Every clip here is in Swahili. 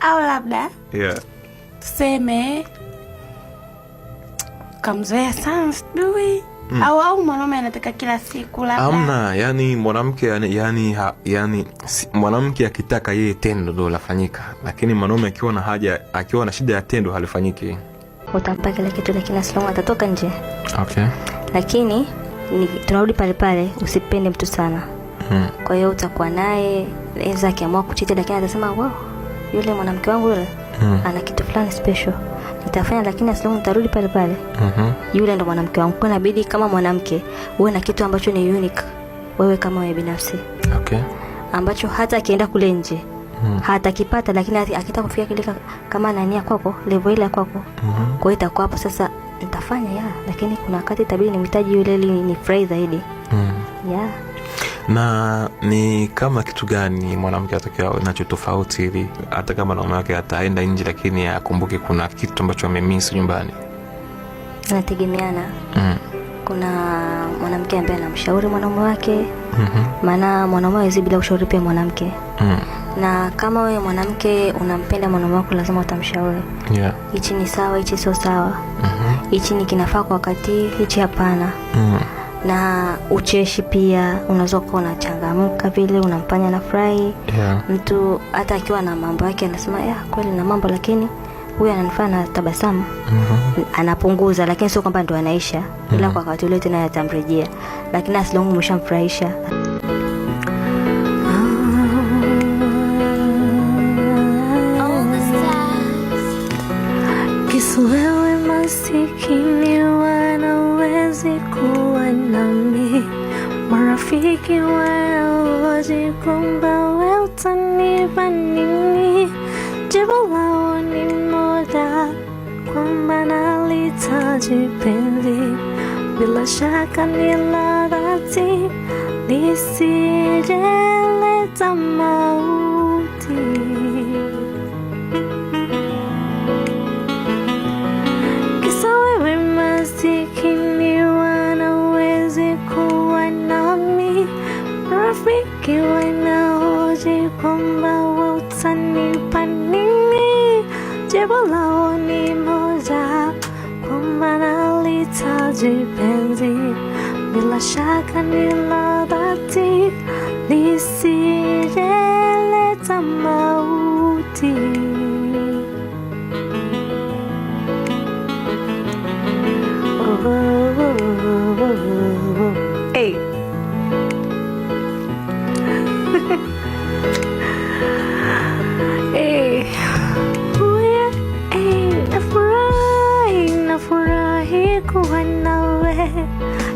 au labda yeah. tuseme kamzoea sana sijui Mm. Au au mwanaume anataka kila siku labdaamna yani mwanamke yani yani, yani si, mwanamke akitaka yeye tendo ndo lafanyika. Lakini mwanaume akiwa na haja akiwa na shida ya tendo halifanyiki. Utampa kila kitu lakini asilamu atatoka nje. Okay. Lakini tunarudi pale pale usipende mtu sana. hmm. Kwa hiyo utakuwa naye, eza akiamua kuchiti lakini atasema wow yule mwanamke wangu yule mm. ana kitu fulani special nitafanya, lakini asilamu nitarudi pale pale mm -hmm. yule ndo mwanamke wangu, kwa nabidi kama mwanamke uwe na kitu ambacho ni unique wewe kama wewe binafsi okay. ambacho hata akienda kule nje Hmm. hata kipata lakini akita kufika kile kama nania kwako level ile kwako mm -hmm. kwa hiyo itakuwa hapo sasa nitafanya ya lakini kuna wakati ni nimhitaji yule ili ni furahi zaidi mm. yeah na ni kama kitu gani mwanamke atakiwa nacho tofauti hivi, hata kama naume wake ataenda nje, lakini akumbuke kuna kitu ambacho amemisi nyumbani? Nategemeana mm. Kuna mwanamke ambaye anamshauri mwanaume wake, mm-hmm. maana mm -hmm. mwanaume hawezi bila ushauri pia mwanamke mm. na kama wewe mwanamke unampenda mwanaume wako, lazima utamshauri hichi, yeah. ni sawa, hichi sio sawa, mm-hmm. hichi mm -hmm. ni kinafaa kwa wakati, hichi hapana mm na ucheshi pia unaweza kuwa unachangamka vile unamfanya na yeah. Mtu hata akiwa na mambo yake anasema ya kweli na mambo, lakini huyu ananifanya na tabasamu mm -hmm. Anapunguza, lakini sio kwamba ndo anaisha, mm -hmm. kwa wakati ule tena yatamrejea lakini asilongu umeshamfurahisha. Kisu masikini wanawezi kuwa nami marafiki waoji kumba we utanipa nini jibu lao ni moja kwamba nalitaji penzi bila shaka ni la dhati lisije leta mauti je kwamba wa utanipa nini? Jibu lao ni moja, kwamba nalihitaji penzi, bila shaka ni la dhati, lisiyeleta mauti.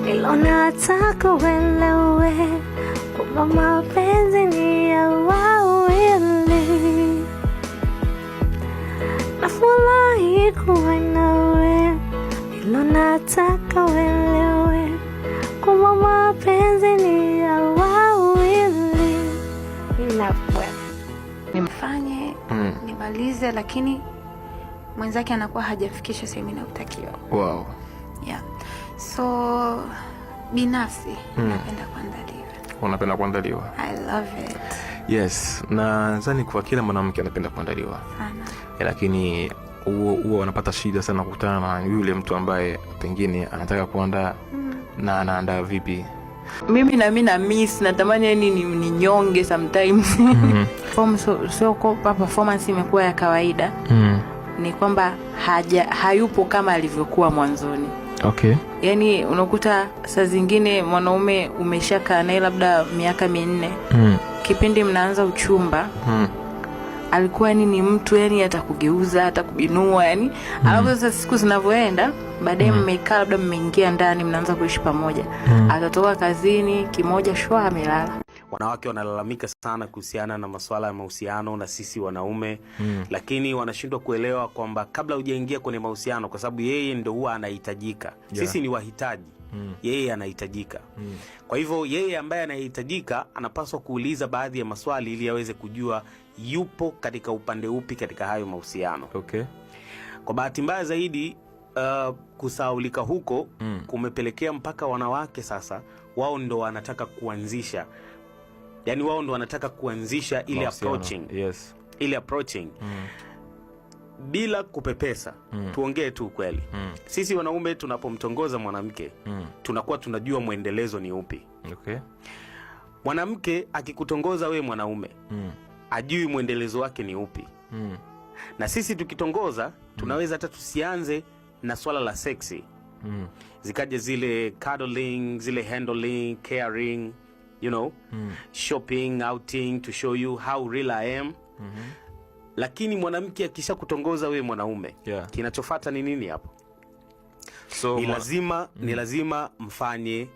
nilona atako uelewe kwamba mapenzi ni ya wawili. Nafurahi kuwa nawe, nilona atako uelewe kwamba mapenzi ni ya wawili. Ninafwe nimfanye hmm. nimalize, lakini mwenzake anakuwa hajafikisha sehemu inayotakiwa. Wow. Yeah. So binafsi mm. napenda kuandaliwa. Unapenda kuandaliwa? I love it. Yes, nadhani kwa kila mwanamke anapenda kuandaliwa sana, eh, lakini huwa wanapata shida sana kukutana na yule mtu ambaye pengine anataka kuandaa mm. na anaandaa vipi? Mimi nami na miss natamani yani ni nyonge sometimes mm -hmm. so, so performance imekuwa ya kawaida mm. ni kwamba haja hayupo kama alivyokuwa mwanzoni. Okay. Yaani unakuta saa zingine mwanaume umeshakaa naye labda miaka minne mm. Kipindi mnaanza uchumba mm. Alikuwa yani ni mtu yani atakugeuza atakubinua yani mm. Alafu sasa siku zinavyoenda baadaye mm. Mmekaa labda mmeingia ndani mnaanza kuishi pamoja mm. Atatoka kazini kimoja shwa amelala wanawake wanalalamika sana kuhusiana na masuala ya mahusiano na sisi wanaume mm. Lakini wanashindwa kuelewa kwamba kabla hujaingia kwenye mahusiano, kwa sababu yeye ndo huwa anahitajika yeah. Sisi ni wahitaji mm. Yeye anahitajika mm. Kwa hivyo yeye ambaye anahitajika anapaswa kuuliza baadhi ya maswali ili aweze kujua yupo katika upande upi katika hayo mahusiano okay. Kwa bahati mbaya zaidi uh, kusaulika huko mm. kumepelekea mpaka wanawake sasa wao ndo wanataka kuanzisha yani wao ndo wanataka kuanzisha ile approaching, yes. ile approaching mm. bila kupepesa mm. tuongee tu kweli mm. sisi wanaume tunapomtongoza mwanamke mm. tunakuwa tunajua mwendelezo ni upi okay. mwanamke akikutongoza we mwanaume mm. ajui mwendelezo wake ni upi mm. na sisi tukitongoza mm. tunaweza hata mm. tusianze na swala la seksi mm. zikaja zile cuddling, zile handling, caring you know mm. shopping outing to show you how real I am mm -hmm. Lakini mwanamke akisha kutongoza wewe mwanaume yeah. kinachofata ni nini hapo? So, ni lazima mm. Ni mm-hmm. lazima mfanye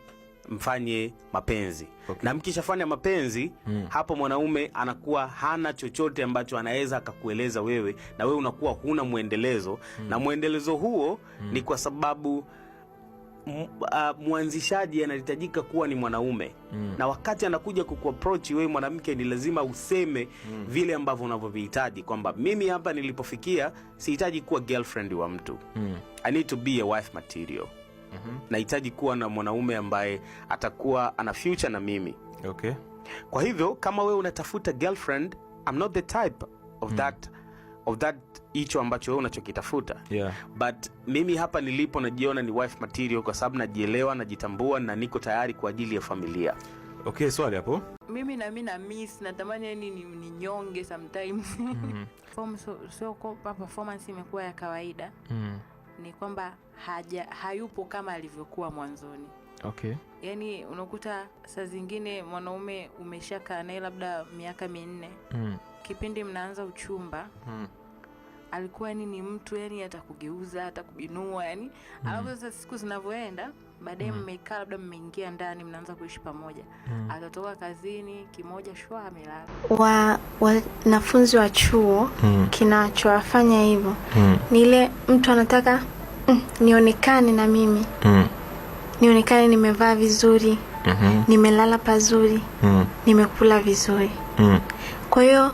mfanye mapenzi okay. Na mkishafanya mapenzi mm. Hapo mwanaume anakuwa hana chochote ambacho anaweza akakueleza wewe, na wewe unakuwa huna mwendelezo mm. Na mwendelezo huo mm. ni kwa sababu uh, mwanzishaji anahitajika kuwa ni mwanaume mm. na wakati anakuja kukuaprochi wewe mwanamke ni lazima useme mm. vile ambavyo unavyovihitaji kwamba mimi hapa nilipofikia sihitaji kuwa girlfriend wa mtu mm. I need to be a wife material mm -hmm. nahitaji kuwa na mwanaume ambaye atakuwa ana future na mimi okay. kwa hivyo kama wewe unatafuta girlfriend I'm not the type of mm. that of that hicho ambacho wewe unachokitafuta yeah. But mimi hapa nilipo najiona ni wife material kwa sababu najielewa, najitambua na niko tayari kwa ajili ya familia. Okay, swali hapo. Mimi na mimi na miss natamani yani ni, ni nyonge sometimes. Mm. hmm so, so kwa performance imekuwa ya kawaida. Mm. hmm Ni kwamba haja hayupo kama alivyokuwa mwanzoni. Okay. Yaani unakuta saa zingine mwanaume umeshakaa naye labda miaka minne. Mm kipindi mnaanza uchumba hmm. alikuwa yani ni mtu yani atakugeuza kugeuza hata kubinua yani hmm. alafu sasa siku zinavyoenda baadaye hmm. mmekaa mm. labda mmeingia ndani mnaanza kuishi pamoja hmm. atatoka kazini kimoja shwa amelala. Wa wanafunzi wa chuo hmm. kinachowafanya hivyo hmm. ni ile mtu anataka mm, nionekane na mimi hmm. nionekane nimevaa vizuri mm -hmm. nimelala pazuri mm. nimekula vizuri mm. kwa hiyo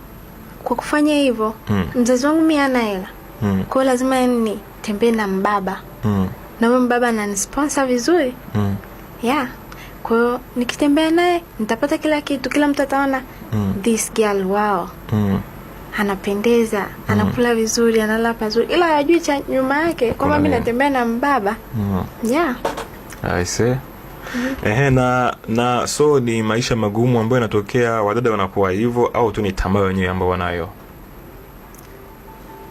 kwa kufanya hivyo mm. mzazi wangu mimi hana hela mm. kwa lazima ni yaani tembee na mbaba mm. na huyo mbaba ananisponsor vizuri mm. yeah kwa hiyo nikitembea naye nitapata kila kitu, kila mtu ataona mm. this girl wow mm. anapendeza, hmm. anakula vizuri, analala pazuri, ila hajui cha nyuma yake kwamba mimi natembea na mbaba mm. yeah I see. Ehe, na na so ni maisha magumu ambayo yanatokea, wadada wanakuwa hivyo au tu ni tamaa wenyewe ambao wanayo?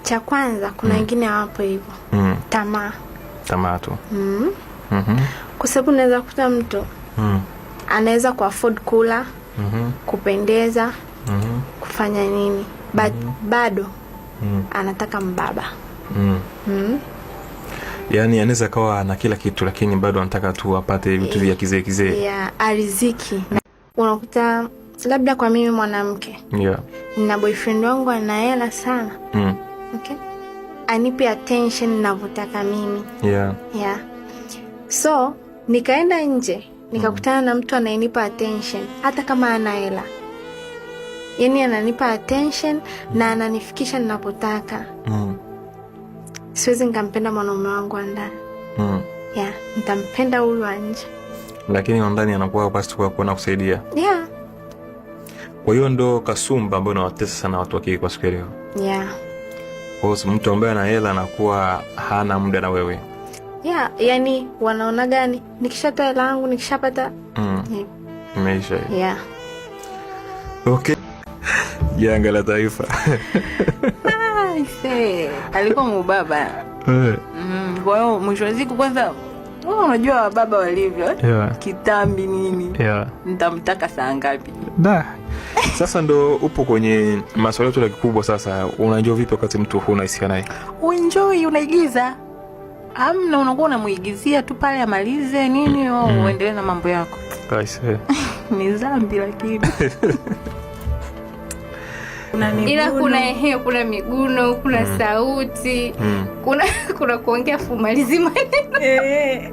Cha kwanza kuna mm. wengine mm. hawapo hivyo mm. tamaa, tamaa tu mm. mm -hmm. kwa sababu unaweza kukuta mtu mm. anaweza ku afford kula mm -hmm. kupendeza mm -hmm. kufanya nini ba mm -hmm. bado mm. anataka mbaba mm. Mm yani anaweza kawa na kila kitu, lakini bado anataka tu apate vitu vya kizee kizee, yeah, ariziki. Unakuta labda kwa mimi mwanamke yeah, na boyfriend wangu anaela sana mm. okay? anipe attention ninavyotaka mimi yeah. Yeah. So nikaenda nje nikakutana mm. na mtu anayenipa attention hata kama anaela yani, ananipa attention mm. na ananifikisha ninapotaka mm siwezi nikampenda mwanaume wangu wa ndani mm. Yeah, nitampenda huyu wa nje, lakini wa ndani anakuwa basi kwa kuona kusaidia. Yeah. Kwa hiyo ndo kasumba ambayo inawatesa sana watu wa kike kwa siku leo. Yeah. Kwa hiyo mtu ambaye ana hela anakuwa hana muda na wewe. Yeah, yani wanaona gani? Nikishatoa hela yangu nikishapata mm. Yeah. Imeisha. Yeah. Okay. Janga la taifa. aise, alikuwa mubaba eh. Mm-hmm. kwa hiyo mwisho wa siku kwanza wewe unajua baba walivyo yeah. Kitambi nini yeah. Nitamtaka saa ngapi? Da. Sasa ndo upo kwenye maswala yetu la kikubwa sasa. Unaenjoy vipi wakati mtu huna hisia naye? Uenjoy, unaigiza amna, unakuwa unamuigizia tu pale amalize nini, mm. Uendelee na mambo yako. Eh. Ni zambi lakini kuna miguno, ila kuna ehe, kuna miguno, kuna mm. sauti mm. kuna kuna kuongea fumalizi maneno yeah.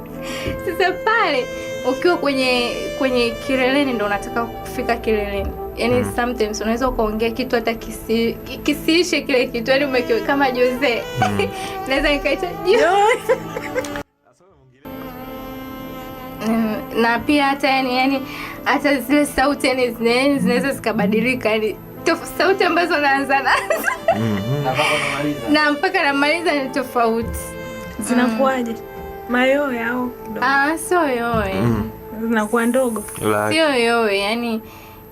Sasa pale ukiwa kwenye kwenye kileleni ndo unataka kufika kileleni yani mm. sometimes unaweza ukaongea kitu hata kisi, kisiishe kile kitu yani umekiwe kama Jose mm. naweza nikaita Jose na pia hata yani yani hata zile sauti yani yaani, zinaweza zikabadilika yani sauti ambazo naanza nazo mm -hmm. na mpaka namaliza ni tofauti. Zinakuwaje? Mm. mayoe au ah, sio yoe mm. zinakuwa ndogo, sio yoe, yani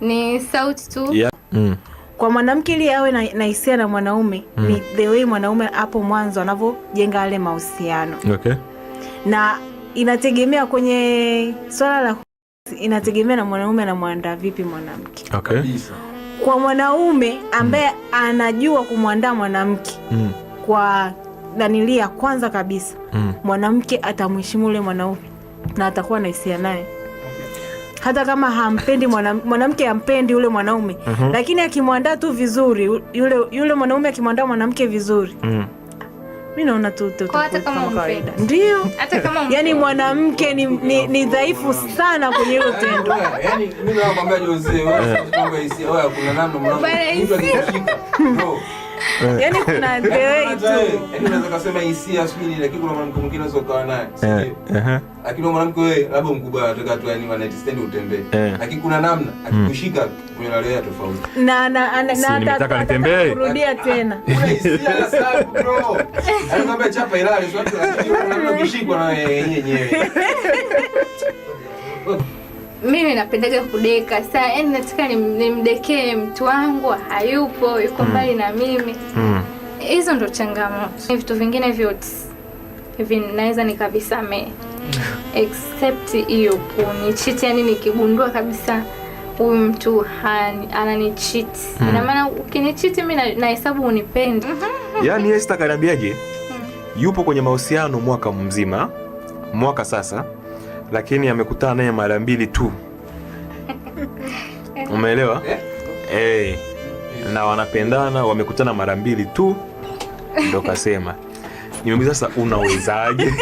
ni sauti tu yeah. mm. Kwa mwanamke ili awe na hisia na mwanaume mm. ni the way mwanaume hapo mwanzo anavyojenga yale mahusiano okay. na inategemea kwenye swala la inategemea na mwanaume anamwandaa vipi mwanamke okay kwa mwanaume ambaye mm. anajua kumwandaa mwanamke mm. kwa danilia ya kwanza kabisa mm. mwanamke atamheshimu ule mwanaume na atakuwa na hisia naye hata kama hampendi mwanamke hampendi yule mwanaume uh-huh. lakini akimwandaa tu vizuri yule, yule mwanaume akimwandaa mwanamke vizuri mm mi naona tu kawaida ndio, yani mwanamke ni, ni, ni dhaifu sana kwenye hilo tendo. Yani eh. yaani kuna delay yaani tu. Yaani unaweza kusema hisia lakini kuna mwanamke mwingine unaweza naye. Eh. Lakini mwanamke wewe labda mkubwa yani utembee. Eh. Lakini kuna namna hmm. akikushika nataka nitembee ah, tena ah, mimi napendaga kudeka saa, yani nataka nimdekee mtu wangu, hayupo, yuko mm. mbali na mimi. Mm. Hizo ndo changamoto, vitu vingine vyote hivi naweza nikavisamee, mm. except hiyo kunichiti, yani nikigundua kabisa huyu mtu ananichiti. Mm. Ina maana ukinichiti mimi nahesabu na unipendi. Yaani Esther kaniambiaje? Mm. Yupo kwenye mahusiano mwaka mzima, mwaka sasa, lakini amekutana naye mara mbili tu. Umeelewa? Eh. Hey. Eh. Na wanapendana, wamekutana mara mbili tu. Ndo kasema nimemuuliza sasa, unawezaje?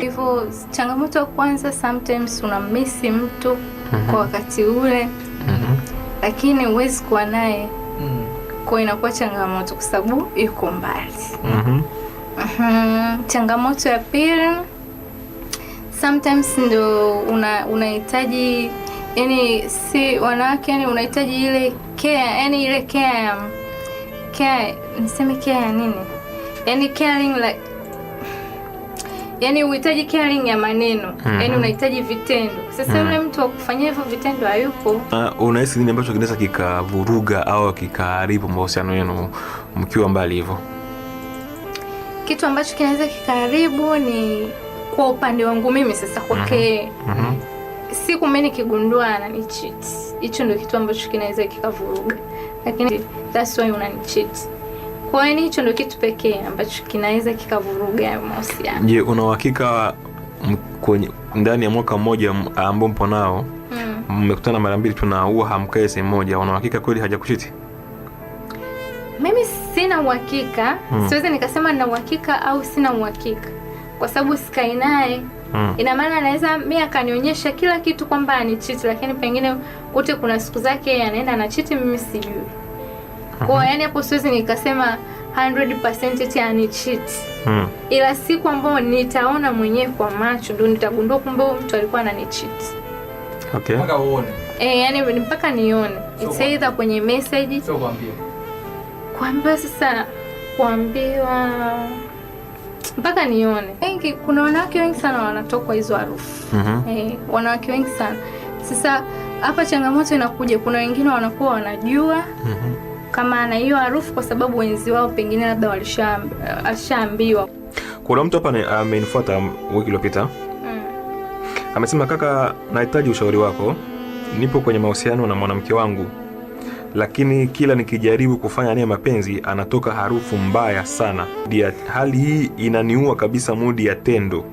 Hivyo changamoto ya kwanza, sometimes unamisi mtu mm -hmm. kwa mhm. wakati ule mm -hmm. lakini huwezi kuwa naye mm -hmm. kwa inakuwa changamoto kwa sababu yuko mbali mm -hmm. mm -hmm. changamoto ya pili sometimes ndo unahitaji una yani, si wanawake yani unahitaji ile care yani ile care care, niseme care ya nini? Yaani caring like yaani uhitaji caring ya maneno mm -hmm. Yaani unahitaji vitendo sasa, mhm. yule mm -hmm. mtu wa kufanyia hivyo vitendo hayupo. Uh, unahisi nini ambacho kinaweza kikavuruga au kikaharibu mahusiano yenu mkiwa mbali hivyo? Kitu ambacho kinaweza kikaharibu ni kwa upande wangu mimi sasa kwake mhm. mm -hmm. mm -hmm. siku mimi nikigundua cheat, hicho ndio kitu ambacho kinaweza kikavuruga lakini that's why cheat. Kwa hiyo hicho ndio kitu pekee ambacho kinaweza kikavuruga mahusiano. Je, una uhakika ndani ya mwaka mmoja ambao mpo nao hmm. mmekutana mara mbili tu na huwa hamkae sehemu moja, una uhakika kweli hajakuchiti? Mimi sina uhakika hmm. siwezi nikasema na uhakika au sina uhakika kwa sababu sikai naye mm. Ina maana anaweza mi akanionyesha kila kitu kwamba anichiti, lakini pengine kute kuna siku zake anaenda na cheat, mimi sijui mm -hmm. yani hapo siwezi nikasema 100% ani cheat mm. Ila siku ambayo nitaona mwenyewe kwa macho ndio nitagundua kumbe mtu alikuwa ananichiti. Okay. Mpaka uone. Eh, yani mpaka nione. So, It's either kwenye message. So kuambiwa. Kuambiwa sasa kuambiwa mpaka nione wengi. Kuna wanawake wengi sana wanatokwa hizo harufu mm -hmm. Eh, wanawake wengi sana sasa. Hapa changamoto inakuja, kuna wengine wanakuwa wanajua mm -hmm. kama ana hiyo harufu, kwa sababu wenzi wao pengine labda walishaambiwa. Kuna mtu hapa amenifuata wiki iliyopita mm. amesema, kaka, nahitaji ushauri wako, nipo kwenye mahusiano na mwanamke wangu lakini kila nikijaribu kufanya naye mapenzi anatoka harufu mbaya sana dia. Hali hii inaniua kabisa mudi ya tendo.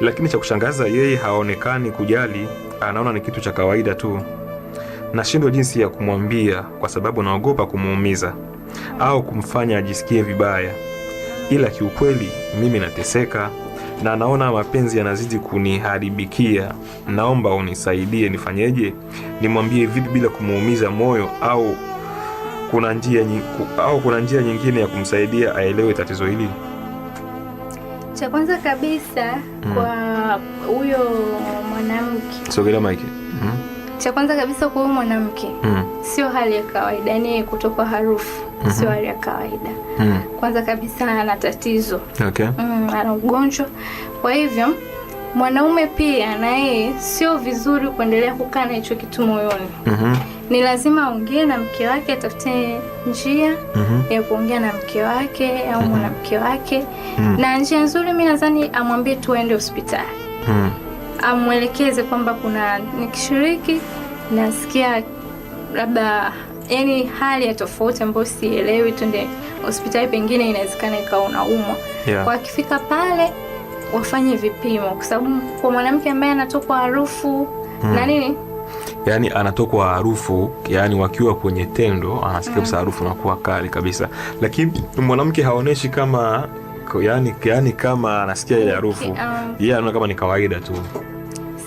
Lakini cha kushangaza, yeye haonekani kujali, anaona ni kitu cha kawaida tu. Nashindwa jinsi ya kumwambia kwa sababu naogopa kumuumiza au kumfanya ajisikie vibaya, ila kiukweli mimi nateseka na naona mapenzi yanazidi kuniharibikia. Naomba unisaidie, nifanyeje? Nimwambie vipi bila kumuumiza moyo, au kuna njia au kuna njia nyingine ya kumsaidia aelewe tatizo hili? Cha kwanza kabisa mm. kwa huyo mwanamke, sogelea mike mm. cha kwanza kabisa kwa huyo mwanamke mm. sio hali ya kawaida, ni kutokwa harufu mm -hmm. sio hali ya kawaida mm. Kwanza kabisa ana tatizo okay. mm, ana ugonjwa. Kwa hivyo mwanaume pia na yeye sio vizuri kuendelea kukaa na hicho kitu moyoni mm -hmm. Ni lazima aongee na mke wake, atafute njia mm -hmm. ya kuongea na mke wake au mhm. mwanamke mm -hmm. wake mm -hmm. na njia nzuri, mi nadhani amwambie tu aende hospitali mm -hmm. amwelekeze kwamba kuna nikishiriki nasikia labda yani hali ya tofauti ambayo sielewi, ndio hospitali, pengine inawezekana ikawa unaumwa yeah. Kwa akifika pale wafanye vipimo, kwa sababu kwa mwanamke ambaye anatokwa harufu hmm. na nini yaani anatokwa harufu, yaani wakiwa kwenye tendo anasikia mm. harufu nakuwa kali kabisa, lakini mwanamke haonyeshi kama yaani, yani kama anasikia ile harufu um, yeye anaona kama ni kawaida tu.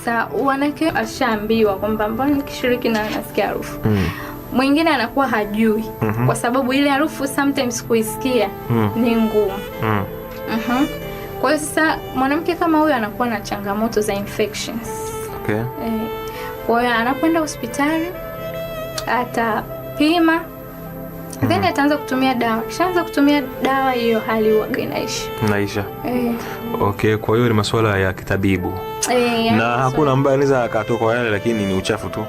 Sa wanake ashaambiwa kwamba mbona nikishiriki na anasikia harufu mm mwingine anakuwa hajui mm -hmm. kwa sababu ile harufu sometimes kuisikia mm. ni ngumu mm. mm -hmm. kwa hiyo sasa mwanamke kama huyo anakuwa na changamoto za infections okay. E, kwa hiyo anapoenda hospitali atapima mm -hmm. then mhm. ataanza kutumia dawa, kishaanza kutumia dawa hiyo hali huwaga inaisha naisha Eh. Okay, kwa hiyo ni masuala ya kitabibu Eh, na hakuna ambaye anaweza akatoka yale, lakini ni uchafu tu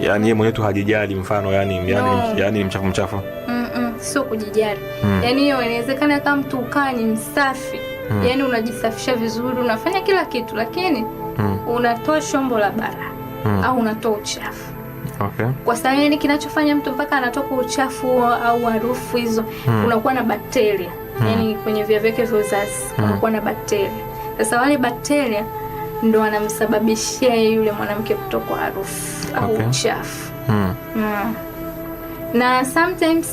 yani yeye mwenyewe tu hajijali, mfano yani yani yani yaani ni mchafu mchafu. sio kujijali. Mm. Yani hiyo inawezekana kama mtu ukaa ni msafi. Mm. Yani unajisafisha vizuri, unafanya kila kitu lakini mm. unatoa shombo la bara mm. au unatoa uchafu. Okay. Kwa sababu yani kinachofanya mtu mpaka anatoka uchafu au harufu hizo mm. unakuwa na bakteria. Mm. Yani kwenye via vyake vya uzazi mm. unakuwa na bakteria. Sasa wale bakteria ndo anamsababishia yule mwanamke kutokwa harufu okay. au uchafu mm. mm. na sometimes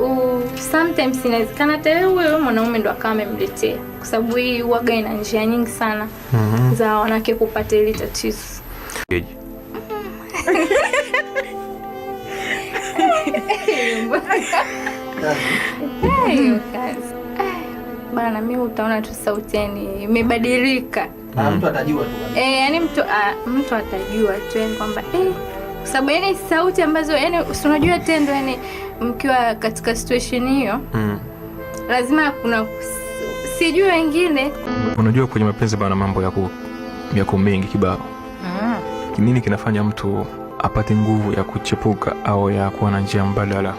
uh, sometimes inawezekana hata huyo mwanaume ndo akawa amemletea, kwa sababu hii uwaga ina njia nyingi sana mm -hmm. za wanawake kupata hili tatizo bana, mi utaona tu sauti yani imebadilika na ah, mtu atajua tu. Eh, yani mtu ah, mtu atajua tu yani kwamba eh kwa sababu yani sauti ambazo yani unajua tendo yani mkiwa katika situation hiyo mm. lazima kuna sijui wengine unajua kwenye mapenzi bana mambo yako yako mengi kibao mm. nini kinafanya mtu apate nguvu ya kuchepuka au ya kuwa na njia mbadala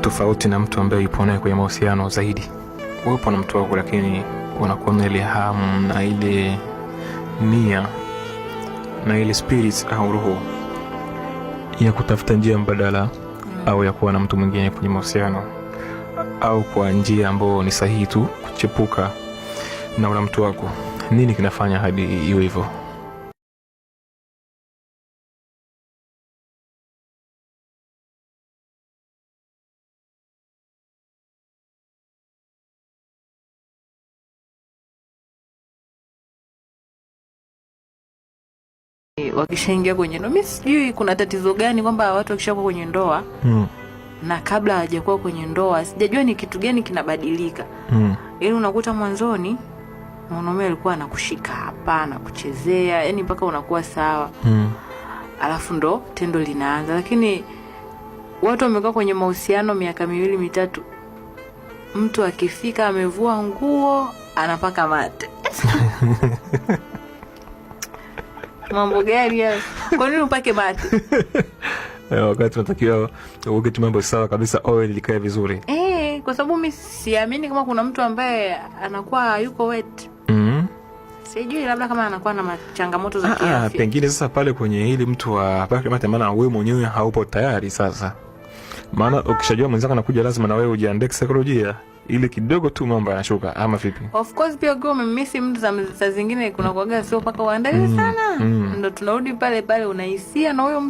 tofauti na mtu ambaye yupo naye kwenye mahusiano zaidi. Upo na mtu wako lakini unakuwa na ile hamu na ile nia na ile spirit au roho ya kutafuta njia mbadala au ya kuwa na mtu mwingine kwenye mahusiano au kwa njia ambayo ni sahihi tu kuchepuka na una mtu wako. Nini kinafanya hadi iwe hivyo? wakishaingia kwenye ndoa, mi sijui kuna tatizo gani kwamba watu wakishakuwa kwenye ndoa mm. na kabla hawajakuwa kwenye ndoa, sijajua ni kitu gani kinabadilika mm. Yaani unakuta mwanzoni mwanaume alikuwa anakushika hapa anakuchezea, yani mpaka unakuwa sawa mm. alafu ndo tendo linaanza, lakini watu wamekuwa kwenye mahusiano miaka miwili mitatu, mtu akifika amevua nguo anapaka mate mambo gani hayo? Kwa nini upake bati? Eh, wakati unatakiwa ugeti mambo sawa kabisa, oil likae vizuri e, kwa sababu mi siamini kama kuna mtu ambaye anakuwa yuko wet mm -hmm. Sijui labda kama anakuwa na changamoto za ah, ah, kiafya pengine. Sasa pale kwenye hili mtu apake, maana wewe mwenyewe haupo tayari sasa, maana ukishajua mwenzako anakuja lazima na wewe ujiandae kisaikolojia ile kidogo tu mambo yanashuka, ama vipi? Of course pia ukiwa umemisi mtu saa zingine kuna kuaga sio mpaka uandalie mm, sana mm. Ndo tunarudi pale pale, unahisia na huyo mtu